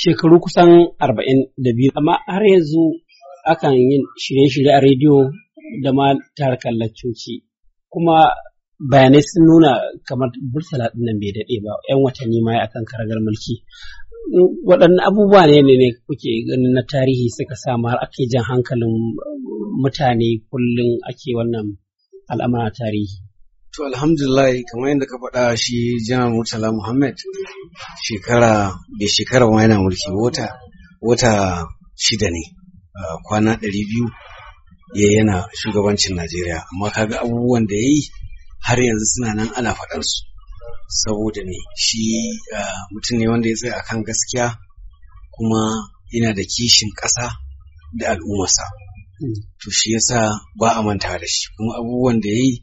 shekaru kusan arba'in da biyu amma har yanzu akan yin shirye-shirye a rediyo da ma tare laccoci kuma bayanai sun nuna kamar burtala ɗin nan bai daɗe ba yan watanni ma akan karagar mulki waɗanne abubuwa ne ne kuke ganin na tarihi suka samu har ake jan hankalin mutane kullum ake wannan al'amura tarihi To alhamdulillah kamar yadda ka faɗa shi janar Murtala Muhammad shekara bai shekara ma yana mulki wata wata shida ne kwana ɗari biyu ya yana shugabancin Najeriya amma kaga abubuwan da ya yi har yanzu suna nan ana faɗar saboda ne shi mutum ne wanda ya tsaya akan gaskiya kuma yana da kishin ƙasa da al'ummarsa hmm. to shi yasa ba a manta da shi kuma abubuwan da ya yi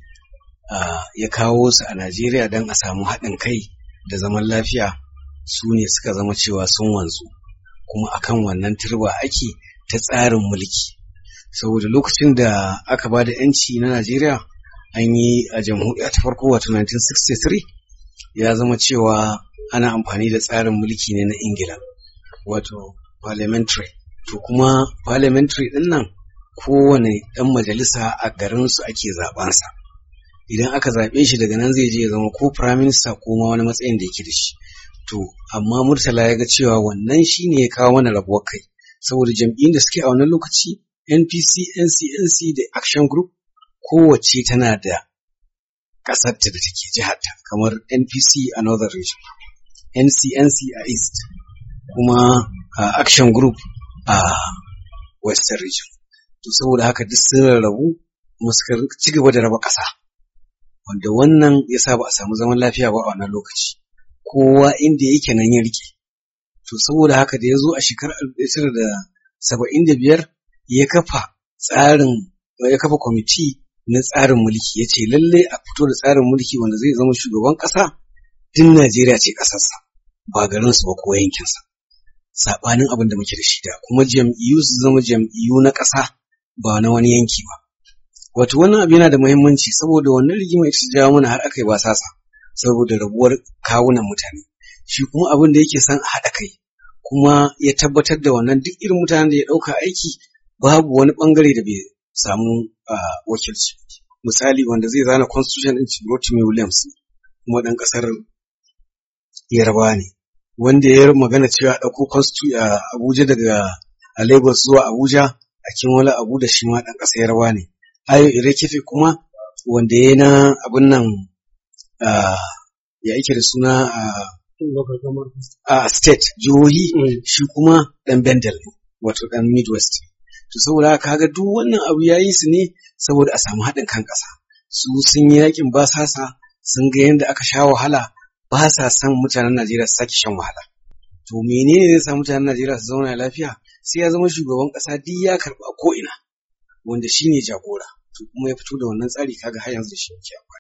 ya kawo su a Najeriya don a samu haɗin kai da zaman lafiya su ne suka zama cewa sun wanzu kuma akan wannan turba ake ta tsarin mulki saboda lokacin da aka ba da 'yanci na Najeriya an yi a jamhuriya ta farko wato 1963 ya zama cewa ana amfani da tsarin mulki ne na Ingila wato parliamentary to kuma parliamentary ɗin nan kowane ɗan majalisa a garinsu ake zaɓansa. idan aka zaɓe shi daga nan zai je ya zama ko Firaminista ko ma wani matsayin da yake da shi to amma murtala ya ga cewa wannan shi ne ya kawo mana rabuwar kai saboda jam'iyyun da suke a wannan lokaci npc ncnc da action group kowace tana da ƙasar ta da take jiharta kamar npc a northern region ncnc a east kuma action group a western region to saboda haka duk sun rarrabu kuma suka ci gaba da raba ƙasa wanda wannan ya sa ba a samu zaman lafiya ba a wannan lokaci kowa inda yake nan ya rike to saboda haka da ya zo a shekarar alif da saba'in da biyar ya kafa tsarin ya kafa kwamiti na tsarin mulki ya ce lallai a fito da tsarin mulki wanda zai zama shugaban ƙasa din Najeriya ce ƙasarsa ba garinsu ba ko yankinsa saɓanin abin da muke da shi da kuma jam'iyyu su zama jam'iyyu na ƙasa ba na wani yanki ba wato wannan abu yana da muhimmanci saboda wannan rigima ita ta jawo mana har aka yi basasa saboda rabuwar kawunan mutane shi kuma abin da yake son a haɗa kai kuma ya tabbatar da wannan duk irin mutanen da ya ɗauka aiki babu wani ɓangare da bai samu wakilci misali wanda zai zana constitution ɗin Rotimi Williams kuma ɗan ƙasar yarba ne wanda ya magana cewa ɗauko Abuja daga a Lagos zuwa Abuja a wala Abu da shi ma ɗan ƙasa yarba ne ayon kife kuma wanda ya na abin nan ya ake da suna a state jihohi mm. shi kuma dan bendel wato dan midwest to saboda kaga duk wannan abu ya yi su ne saboda a samu haɗin kan ƙasa su sun yi yakin sa sun ga yadda aka sha wahala ba sa son mutanen Najeriya su sake shan wahala to menene zai sa mutanen Najeriya su zauna lafiya sai ya zama shugaban ƙasa duk ya karɓa ko ina wanda shine jagora kuma ya fito da wannan tsari kaga har yanzu da shi yake amfani